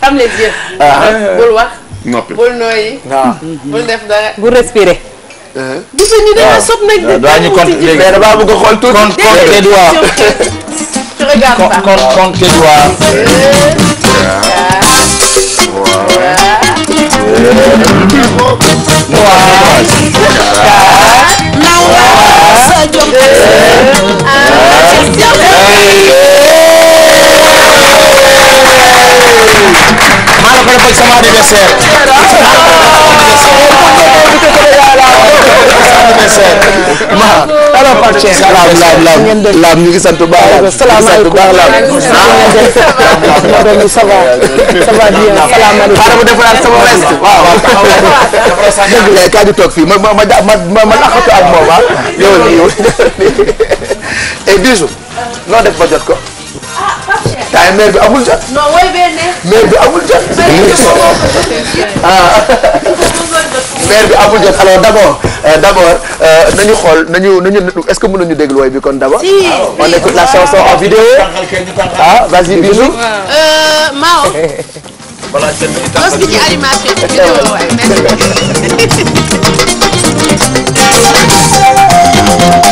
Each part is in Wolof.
xam leen jëf. bul wax. noppi bul nooyi. waaw bul def dara. bul respirer. gis nañu da nga sob nag. waaw daañu compte léegi mais damaa bëgg a xool tuuti. compte compte te du waa. je regarde pas compte compte te du waa. waaw. waaw. waaw. maa la ko defal sama anniversaire. ñu ngi sant bu baax laam ñu ngi sant bu baax laam. salaamaaleykum. ça va ça va bien salaamaaleykum. xaaral ma defaraat sama veste. waaw waaw taxaw la. dëgg la kaay di toog fii ma ma ma ma ma laqatu ak moom ah. yow yow et Bijou. noo def ba jot ko. taay maire bi amul jot. non bi amul jot. ah bi amul jot alors d' abord euh, euh, nañu xool nañu nañu est ce que mën nañu déglu woy bi kon d' abord. Ah, écoute la chanson en vidéo ah vas-y bisous. Euh, Mao. bi ci animation bi vidéo eh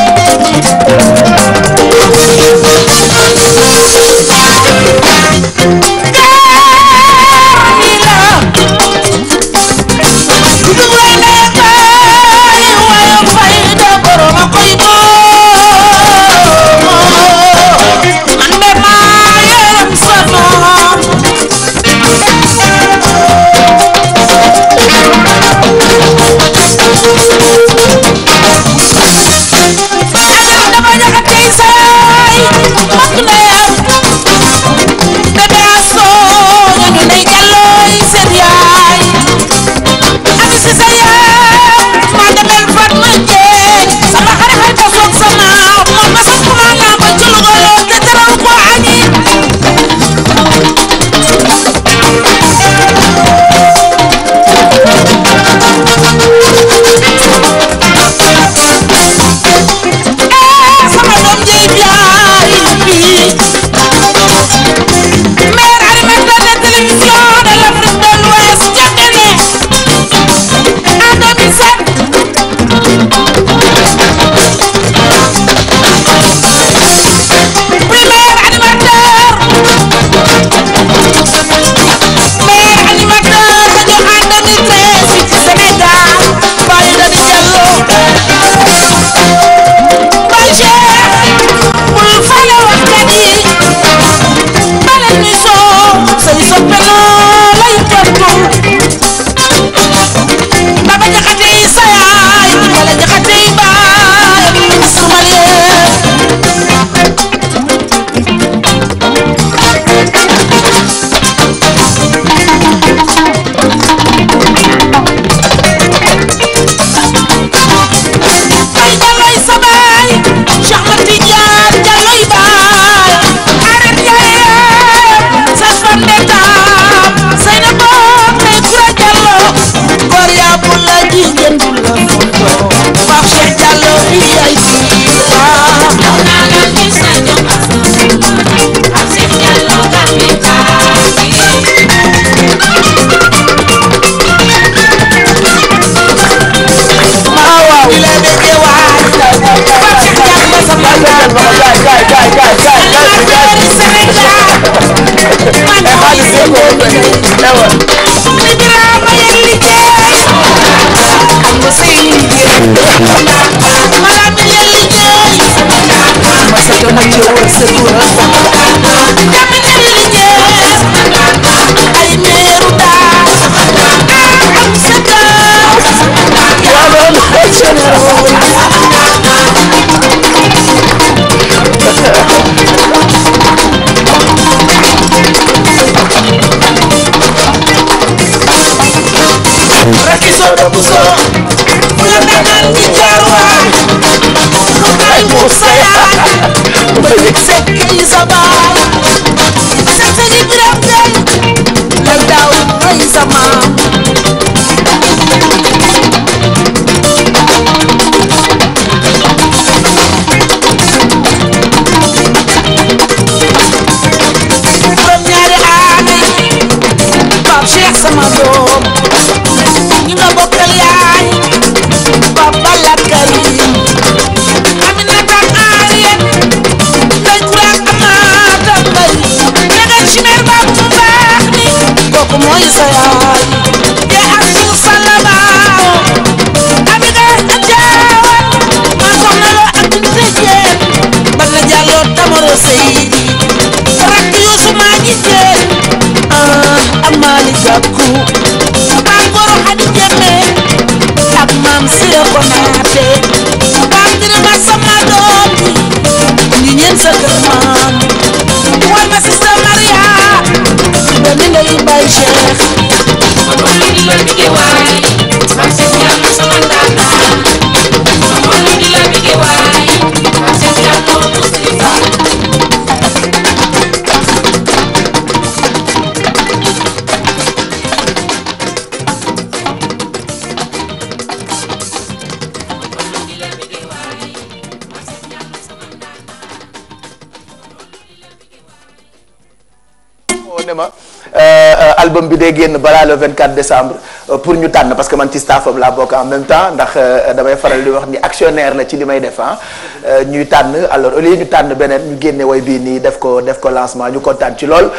génn balaa le 24 décembre euh, pour ñu tànn parce que man ci staffam laa bokk en même temps ndax euh, damay faral di wax ni actionnaire la ci li may def ah euh, ñuy tànn alors au lieu ñu tànn beneen ñu génne woy bii nii def ko def ko lancement ñu kontaan ci lool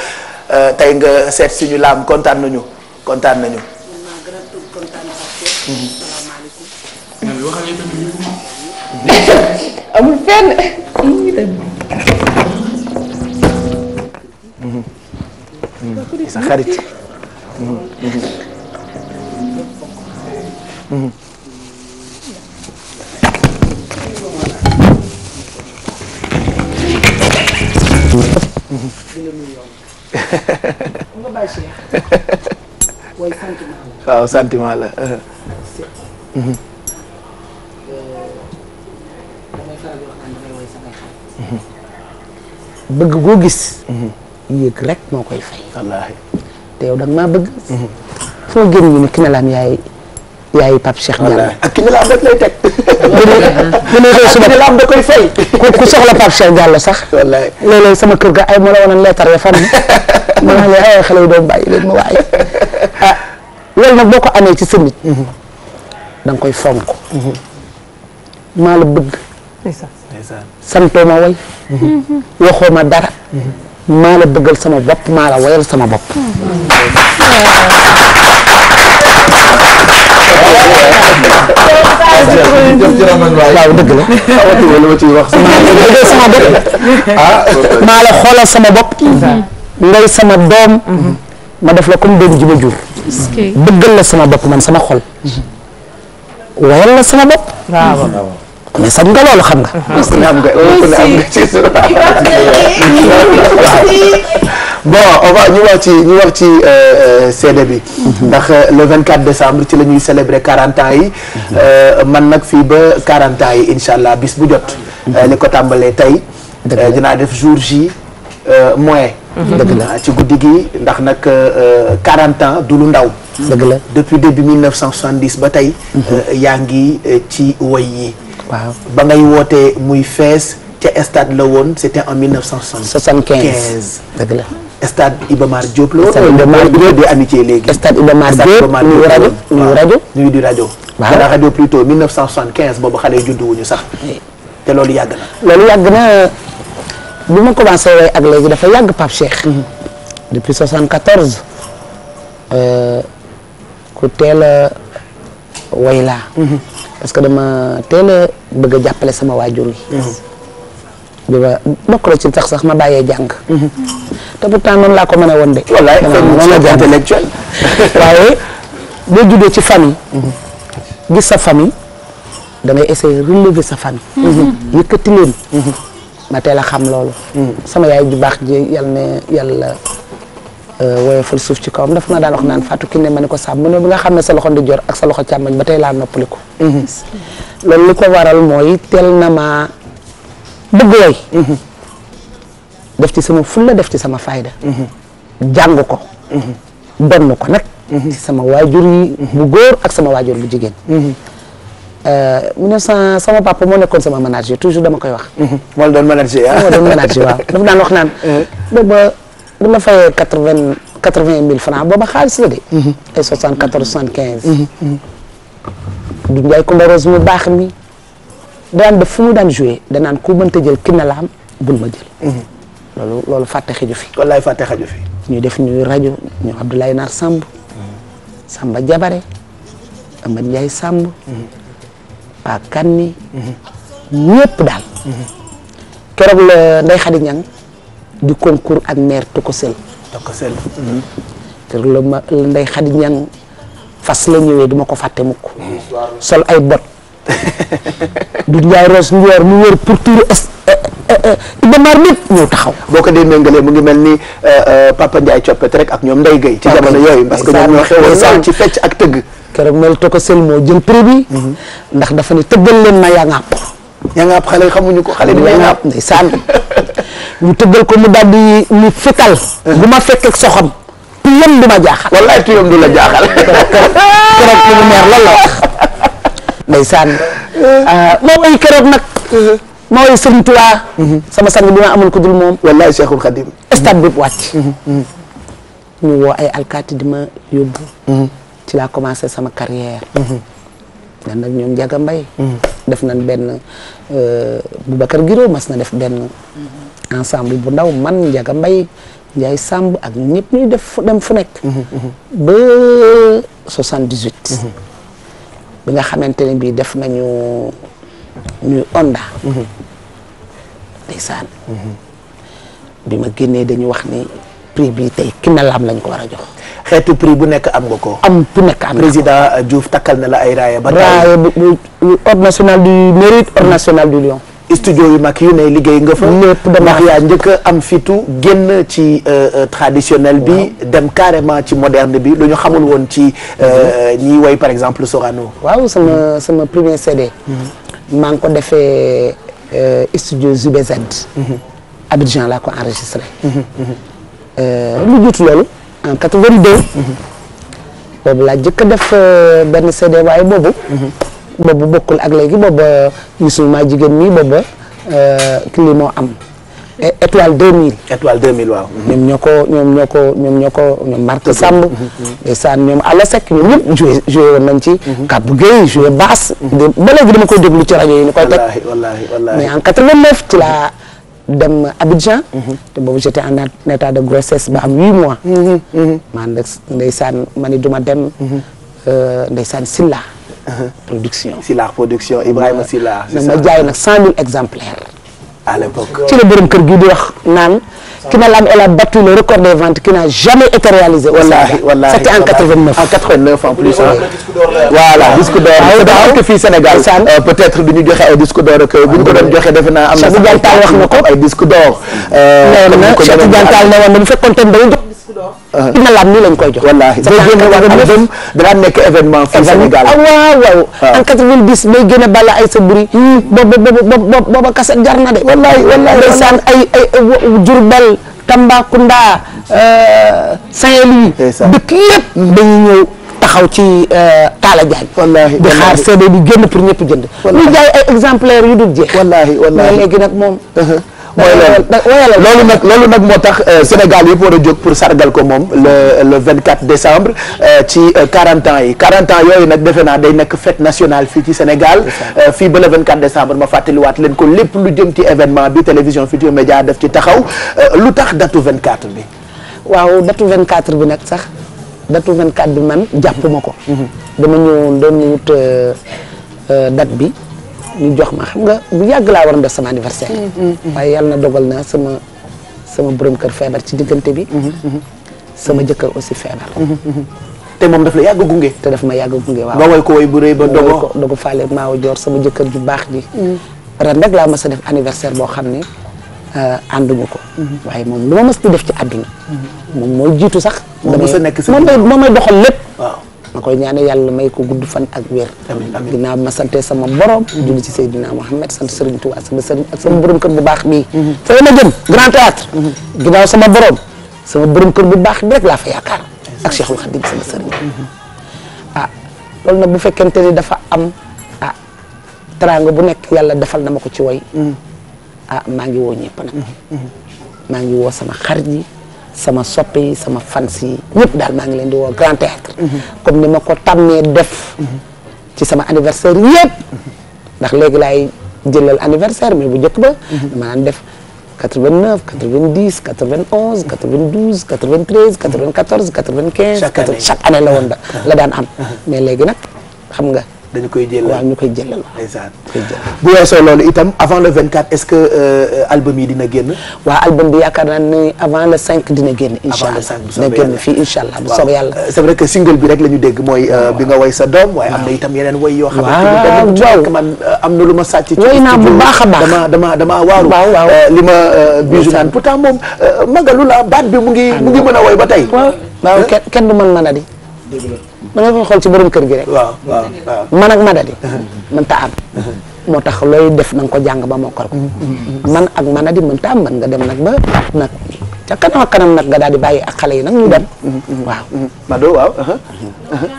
tey nga seet si ñu laam kontaan nañu kontaan nañu. amul fenn. sa xarit. waaw sentiment la. bëgg goo koy fay. wallaahi. te yow da nga maa bëgg. foo génn na laan yaay yaay Pape Cheikh Diallo. ak ki na laan rek koy fay. ku soxla Pape Cheikh Diallo sax. wallaay léeg sama kër ga ay ma la woon leetar ya fan. ma ne la ay xale yu doon bàyyi leen ma waaye. Ah, ko amee ci sënit. Mhm. da koy fonk. Mhm. maa la bëgg. santoo mhm. ma way. waxoo dara. maa la bëggal sama bopp maa la woyal sama bopp. waaw dëgg la. sama bopp. maa la xoolal sama bopp. ngay sama doom. ma def la comme doom ma jur. bëggal la sama bopp man sama xol. woyal la sama bopp. mais sañ nga loolu xam nga. Euh, bon on va ñu wax ci ñu wax ci euh, euh, CD bi. Mhm. ndax le 24 décembre ci la ñuy célébrer 40 ans yi. Mhm. man nag fii ba 40 ans yi incha allah bis bu jot. Mhm. li ko tàmbalee tey. dinaa def jour J moins. dëgg la ci guddi gi ndax nag 40 ans du lu ndaw. dëgg la depuis début 1970 ba tey. yaa ngi ci woy yi. waaw ba ngay wootee muy fees ca stade la woon c'était en 1975. dëgg la. stade Iba Mar Diop la. stade Iba Mar Diop di amitié léegi. stade Iba Mar Diop rajo nuyu rajo. nuyu di rajo. waaw dara rajo plutôt 1975 boobu xale yi sax. te loolu yàgg na. loolu yàgg na bu ma commencé way ak léegi dafa yàgg Pape Cheikh. Mhm. depuis 74. Euh, ku teel a parce que dama teel a bëgg a jàppale sama waajur yi. bi mhm. ba bokk na ci tax sax ma bàyyee jàng. Mhm. te pourtant noonu laa ko mën woon de. wallaay noonu la jàng waaye boo juddoo ci famille. Mhm. gis sa famille da ngay relever sa famille. yëkkati leen. ma teel a xam loolu. sama yaay ju baax ji yal na yàlla. Euh, woyofal suuf ci kawam dafa ma daan wax naan Fatou Kiné ma ne ko sàmm mu ne bi nga xam ne sa loxo di jor ak sa loxo càmmoñ ba tey laa noppaliku. Mhm. loolu li ko waral mooy teel na ma bëgg woy mhm. def ci sama la def ci sama fayda. Mhm. jàng ko. donn ko nag. sama waajur yi. bu góor ak sama waajur bu jigéen. 1900 euh, sama papa moo nekkoon sama manager toujours dama koy wax. moo doon ah. doon manager waaw dafa daan wax naan. Euh. bu la fa quatre vingt quatre vingt mille franc booba xaalis la de. Mhm. Mhm. du Ndiaye Coumba Rose mu baax mi daan def fu mu daan joué danaan ku mënta jël ki na la ma jël. Mhm. loolu fàtte xaju fi. wallaay fàtte xaju ñu def ñuy rajo ñu Abdoulaye Nar Samb. Samba Jabare. Amad Ndiaye Samb. waa Kanni. ñëpp daal. keroog la Ndeye Khady di concours ak maire Tocosel. Tocosel. Mm. Mhm. kër la ma la Ndeye Khady Niang fas la ñëwee duma ko fàtte mukk sol ay bot du Ndiaye Rose Ndiaye mu wër pour tuuru est eh, eh, eh, Iba Mar ñëpp ñëw taxaw. boo ko dee méngalee mu ngi mel ni euh, euh, Papa Ndiaye coppet rek ak ñoom Ndeye Gueye. ci jamono yooyu parce que ñoom ñoo xewoon sax ci fecc ak tëgg. keroog mel Tocosel moo jël prix bi. Mhm. ndax dafa ne tëggal leen ma yaa ngaa ñangaab xale yi xamuñu ko xale di ñangaab ndeysaan ñu tëggal ko mu daal mu fetal bu ma fekk ak soxam tuyam du ma jaaxal wallaay tuyam du la jaaxal la wax ndeysaan moo ah, ay nag ma ay sëriñ Tuubaa sama sang bi ma amul ko dul moom wallaay Cheikhul Khadim stade bi wàcc ñu woo ay alkaati di ma yóbbu ci laa commencé sama carrière dan ñoom Njaga Mbay def nañ benn euh, Boubacar Guiro mas na def benn ensemble bu ndaw man Njaga Mbay Njaay Sàmb ak ñëpp ñuy def dem fu nekk mhm, mhm, mhm. ba 78 bi nga xamante ne bii def nañu ñu onda ndeysaan bi ma génnee dañu wax ni prix bi tey Kiné Lam lañ ko war a jox. xeetu prix bu nekk am nga ko. am bu nekk am takkal na la ay raaya. ba raaya bu ordre national du mérite ordre national du lion. studio yu mag yu ne liggéey nga fa. lépp dama wax njëkk am fitu génn ci euh, euh, traditionnel bi. dem carrément ci moderne bi lu ñu xamul woon ci euh, ñiy woy par exemple Sorano. waaw sama mm-hmm. sama premier CD. Mm-hmm. maa ngi ko defee studio ZBZ. Mm-hmm. Abidjan laa ko enregistré. Euh, lu jiitu loolu en 82. boobu laa jëkk def euh, benn CD waaye boobu. boobu bokkul ak léegi booba Youssou euh, maa jigéen mii booba kii moo am. étoile 2000. étoile 2000 waaw. ñoom ñoo ko ñoom ñoo ko ñoom ñoo ko ñoom Marc Samb. Mhm, mhm. ñoom Ala Seck ñoom ci. Mhm. Kabou Gueye joué basse. ba léegi dama koy déglu ci rajo yi ñu koy teg. wallaahi mais en 89 ci laa. dem Abidjan. te boobu j'étais en état de grossesse ba am huit mois. maa nag ndeysaan ma ni duma dem. Euh, ndeysaan Silla. production Silla production Ibrahima Silla. ma jaay nag cent mille exemplaires. ci la borom kër gi di naan. Kina Lam elle a battu le record des ventes qui n'a jamais été réalisé. wallaahi wallaahi c'était en 89. en 89 en plus ah. voilà disque d'or waaw ah, ah, que fii Sénégal. Euh, peut être du ñu joxe ay disque d'or ak ah, bu ñu ko doon joxe defe naa am na. Cheikh Tidiane Tall wax na ko ay disque d'or. Euh, nee na Cheikh Tidiane Tall ne woon na bu fekkoon tamit dañuy jox. Ah. Ina Lam nii lañ koy jox. wallaahi day génne wàllu album danaa nekk événement fii Sénégal. Ah, waaw waaw ah. en 90 ay génne Balla Aïssa Boury. booba hmm. booba booba kaset jar na de. wallaahi wallaahi ndeysaan ay ay Diourbel Tambacounda euh, Saint-Louis. dëkk yëpp hmm. dañuy ñëw. taxaw ci euh, Talla Diagne. wallaahi di xaar CD bi génn pour ñëpp jënd. wallaahi muy jaay ay yu dul jeex. mooy loolu euh, loolu nag loolu nag moo tax euh, Sénégal yëpp war a jóg pour sargal ko moom le le 24 décembre euh, ci 40 ans yi 40 ans yooyu nag defe naa day nekk fête nationale fii ci Sénégal fii ba le 24 décembre ma fàttaliwaat leen ko lépp lu jëm ci événement bi télévision Futurs Médias def ci taxaw lu tax datu 24 bi waaw datu vingt 24 bi nag sax datu 24 bi man jàppuma ko mm-hmm. dama ñëwoon doon wut date bi ñu jox ma xam nga bu yàgg laa waroon def sama anniversaire. Mm, mm, mm. waaye yàlla na dogal na sama sama borom kër feebar ci diggante bi. Mm-hmm, mm-hmm. sama jëkkër aussi feebar. Mm-hmm, te moom daf la yàgg gunge. te daf ma yàgg gunge waaw. ma woy ko woy bu rey ba dogo ko dogo faale maaw joor sama jëkkër ju baax ji. ren rek laa mës a def anniversaire boo xam ne euh, ànduñu ko. waaye moom lu ma mës di def ci àdduna. moom mooy jiitu sax. nekk si moom lépp. ma koy ñaane yàlla may ko gudd fan ak wér ginnaaw ma sante sama borom julli ci Seydina Mohamed sant Serigne Touba sama sëriñ ak sama borom kër bu baax bii mhm. fa ma jëm grand théâtre mhm. ginnaaw sama borom sama borom kër bu baax bi rek laa fa yaakaar ak Cheikhul Khadim sama sëriñ mhm. ah loolu nag bu fekkente ni dafa am ah teraanga bu nekk yàlla defal na ma ko ci woy ah maa ngi woo ñëpp nag maa ngi woo sama xarit yi sama soppe sama fans yi ñëpp daal maa ngi leen di woo Grand Théâtre comme ni ma ko tam tàmmee def ci sama anniversaire yëpp ndax léegi laay jëlal anniversaire mais bu njëkk ba dama naan def 89 90 91 92 93 94 95 chaque année la woon da ah. la daan am ah. mais léegi nag xam nga dañu koy jël waaw ñu koy jëlal bu weesoo loolu itam avant le 24 est-ce que euh, album yi dina génn waaw album bi yaakaar naa ni avant le 5 dina génn incha allah génn fii incha allah bu soobee yàlla euh, c'est vrai que single bi rek la dégg mooy euh, bi nga woy sa doom waaye am na itam yeneen woy yoo am na lu ma sàcc woy naa bu baax a baax dama dama dama li ma bisu naan pourtant moom magalu la baat bi mu ngi mu ngi ah, mën a woy ba tey waaw kenn du man mën a di da nga xool ci borom kër gi rek. waaw waaw man ak madadi. mënta am. moo tax looy def na ko jàng ba mokkal ko. man ak manadi mënta am mën nga dem nag ba nag ca kanam nag nga daal di bàyyi ak xale yi nag ñu dem. waaw. Mado waaw. Uh-huh, uh-huh.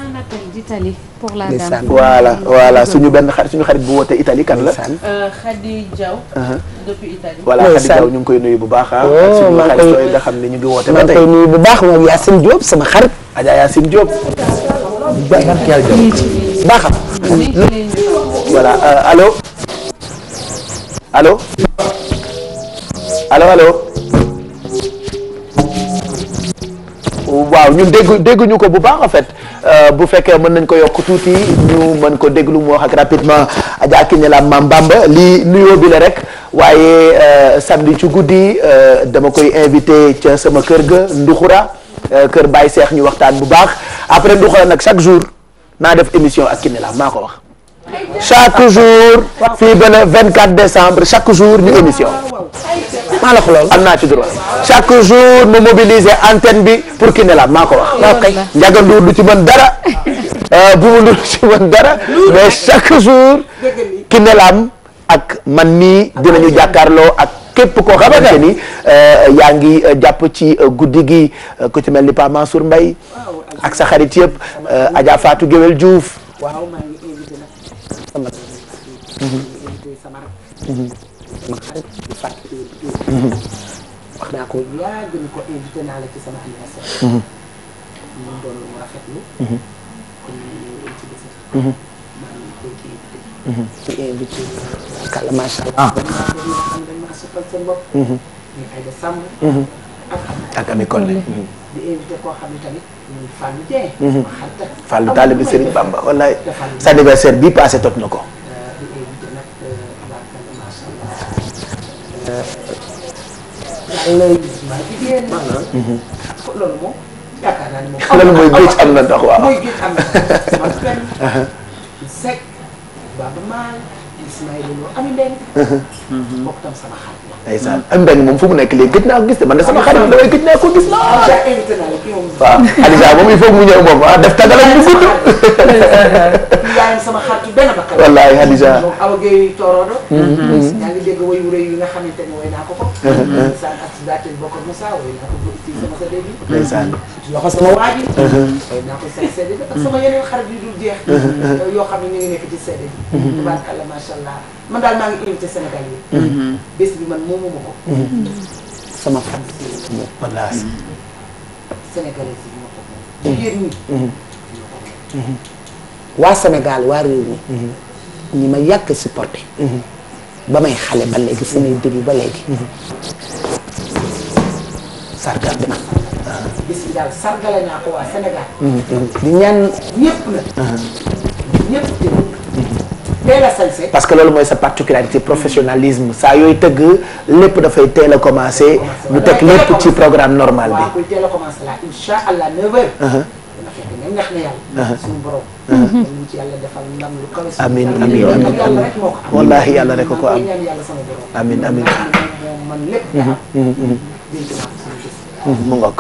d'Italie pour la dame. voilà voilà suñu benn xarit suñu xarit bu woote Italie kan la. Euh, Khady Diaw. Uh-huh. depuis Italie. voilà Khady ñu ngi koy nuyu bu baax ah. Oh, suñu xarit yooyu ñu ngi woote koy nuyu bu baax moom Yacine Diop sama xarit. Adja Yacine Diop. barke alo alo alo voilà allo euh, allo allo allo waaw ñun dégg dégguñu ko bu baax en fait euh, bu fekkee mën nañ ko yokk tuuti ñu mën ko déglu mu wax ak rapidement Adja Kiné la Mam Bamba lii nuyoo bi la rek waaye euh, samedi ci guddi dama koy invité ca sama kër ga Nduxura kër Baye Seex ñu waxtaan bu baax après du xool nag chaque jour naa def émission ak Kiné Lam maa ko wax chaque jour fii ba le 24 décembre chaque jour ñu émission maa la ko lool am naa ci droit chaque jour mu mobiliser antenne bi pour Kiné Lam maa ko wax. Ndiaga Ndour du ci mën dara euh, Boubou Ndour du ci mën dara mais chaque jour Kiné Lam ak man nii dinañu jàkkaarloo ak. képp koo xamante ni euh, yaa ngi euh, jàpp ci euh, guddi gi ku ci mel ni Pa Mansour Mbaye ak sa xarit yëpp Adja Fatou Guewel mhm. mhm. mhm. naa ko tubarkàlla macha di invité koo xam ne muy Fallou Dieng. Fallou taalibe Serigne Bamba wallaay sa anniversaire bii passé tot na ko. di invité nag tubarkàlla na ndox waaw mooy Ismaïla Lo Ami Mbengue. mbokk mhm. tam sama xarit la. ndeysaan Ami Mbengue moom fu mu nekk léegi gëj naa ko gis de man de sama xarit damay gëj naa ko gis. waaw ah, Alija invité naa la kii moom. waaw Alija moom il faut mu ñëw moom ah def tagalam bu gudd. yaayam sama xaritu benn sa accident bokkoon na saa wala naa ko bëgg fii sama sëriñ bi. ndeysaan bi sama yeneen xarit yu dul jeex. yoo xam ne ñu ngi nekk ci seede bi. tabaarkalla macha allah man ngi invité Sénégal yi. bi man moomu ma ko. sama fan. wallaahi. Sénégalais yi ñoo ko moom. jigéen ñi. ñoo ko moom. waa Sénégal waa réew mi. ñi ma yàgg supporté. ba may xale ba léegi samay début ba léegi. sargal bi daal sargale naa ko waa Sénégal. di ñaan. ñëpp parce que loolu mooy sa particularité professionnalisme saa yooyu tëgg lépp dafay teel a commencé. ñu teg lépp ci programme normal bi. waaw kuy dañu ci yàlla defal ndam lu kaw si amiin amiin amiin wallaahi yàlla rek ko am amiin amiin mu ngoog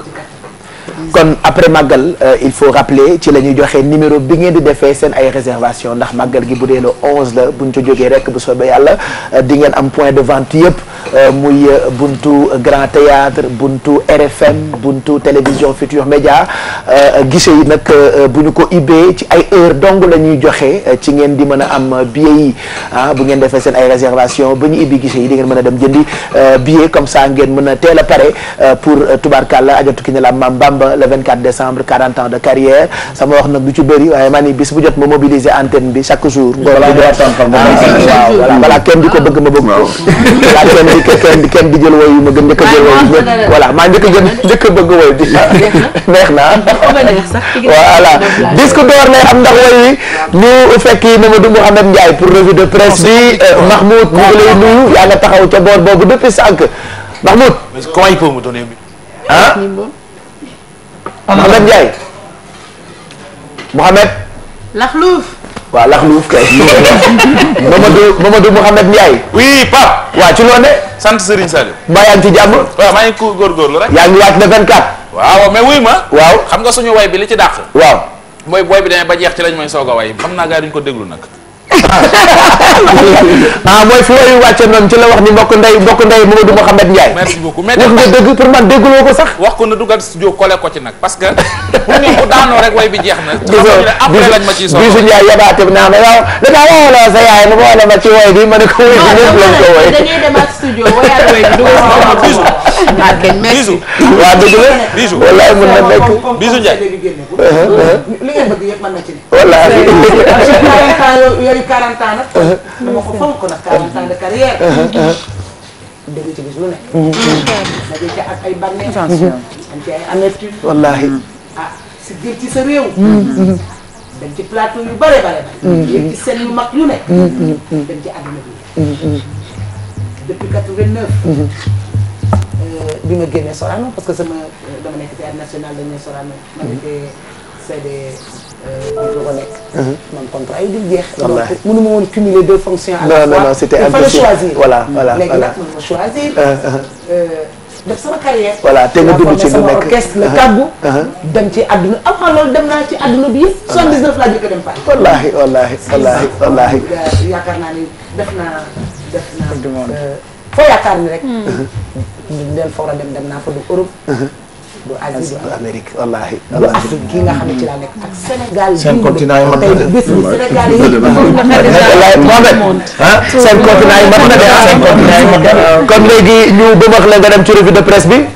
kon après màggal euh, il faut rappeler ci la ñuy joxe numéro bi ngeen di defee seen ay réservation ndax màggal gi bu dee le 11 la buñ ko jógee rek bu soobee yàlla euh, di ngeen am point de vente yëpp Euh, muy euh, buntu Grand Théâtre buntu RFM buntu télévision Futur Média euh, gise yi nag bu ñu ko ubbee ci ay heure dong la ñuy joxe ci ngeen di mën a am billet yi ah bu ngeen defee seen ay réservation ba ñu ibbi gise yi di ngeen mën a dem jënd billet comme ça ngeen mën a teel a pare pour tubarkalla ajatu ki ne la Mam Bamba le 24 décembre 40 ans de carrière sama wax nag du ci bëri waaye maa ni bis bu jot ma mobiliser antenne bi chaque jour. voilà ah, waaw voilà kenn di ko bëgg ma bëgg di kenn kenn di jël woy yu ma gën njëkk a jël woy voilà maa njëkk a gën njëkk a bëgg woy bi neex na voilà disque d'or lay am ndax woy yi ñu fekki Mamadou Mouhamed Ndiaye pour revue de presse bi euh, Mahmoud ñu ngi lay nuyu yaa nga taxaw ca boor boobu depuis sànq Mahmoud comment il peut me donner ah Mouhamed Ndiaye Mouhamed Lakhlouf waa lax luuf kay. Mamadou Mamadou Mouhamed Ndiaye. oui Pape. waa ci ne sant Serigne sar mbaa yaa ngi ci jàmm. waaw maa ngi ko góorgóorlu rek. yaa ngi waaj na 24. waaw mais wuy ma. waaw xam nga suñu way bi li ci dàq. waaw mooy booy bi demee ba jeex ci lañ may soog a way xam naa gars yi duñ ko déglu nag. Ah, ah mooy fi wayu wàcce noonu ci la wax ni mbokk ndey mbokk ndey Mamadou Mouhamed Ndiaye. merci beaucoup mais wax nga man dégguloo ko sax. wax ko na dugal studio collé ko ci nag parce que pour ñu ko daanoo rek way bi jeex na. après lañ ma ciy soxla bisu Ndiaye yabaate naa ma yow danaa wooloo sa yaay ma boole ma ci way bi ma ne ko way bi ñëpp lañ ko way. dañuy dem ak studio wayaat way bi dugal ah kenn merci waaw dëgg la. bisu wallaay mën na nekk. bisu Ndiaye. li ngeen bëgg yëpp mën na ci ne. wallaay. yooyu 40 ans nag. Uh-huh. dama ko fonk nag 40 ans de carrière. Uh-huh, uh-huh. dégg ci bis lu ne. dégg ci ak ay bànneex. am mm-hmm. ci ay amertume. wallaahi. ah si biir ci sa réew. Mm-hmm. dem ci plateau yu bare bare bare. yéeg mm-hmm. ci seen yu mag yu ne. dem ci àdduna bi. depuis 89. Euh, bi ma génnee Sorano parce que sama euh, dama nekk théâtre national dañu ne Sorano. ma mhm. nekkee CD bu ko nekk. man contrat yi di jeex. wallaahi donc mënu ma woon cumuler deux fonctions. à la fois non non c'était impossible voilà voilà mm. voilà léegi nag mën ma choisir. Uh-huh, uh-huh. Euh, def sama carrière. voilà te nga dugg ci lu nekk orchestre la uh-huh. kàggu. dem ci àdduna avant loolu dem naa ci àdduna bi yëpp. soixante dix neuf laa jëkk dem Paris. wallaahi wallaahi wallaahi wallaahi. yaakaar naa ni def naa def naa. foo yaakaar ni rek. ñu leen fa war a dem dem naa fa du Europe. Uh-huh. du Asie du Amérique wallaahi. Afrique gi nga xam ne ci laa nekk ak Sénégal. seen continent yi mat na de bis bi Sénégal yi. Ah, seen continent yi mat na de seen continent yi mat na de kon léegi ñu bëmaax la nga dem ci revue de presse bi.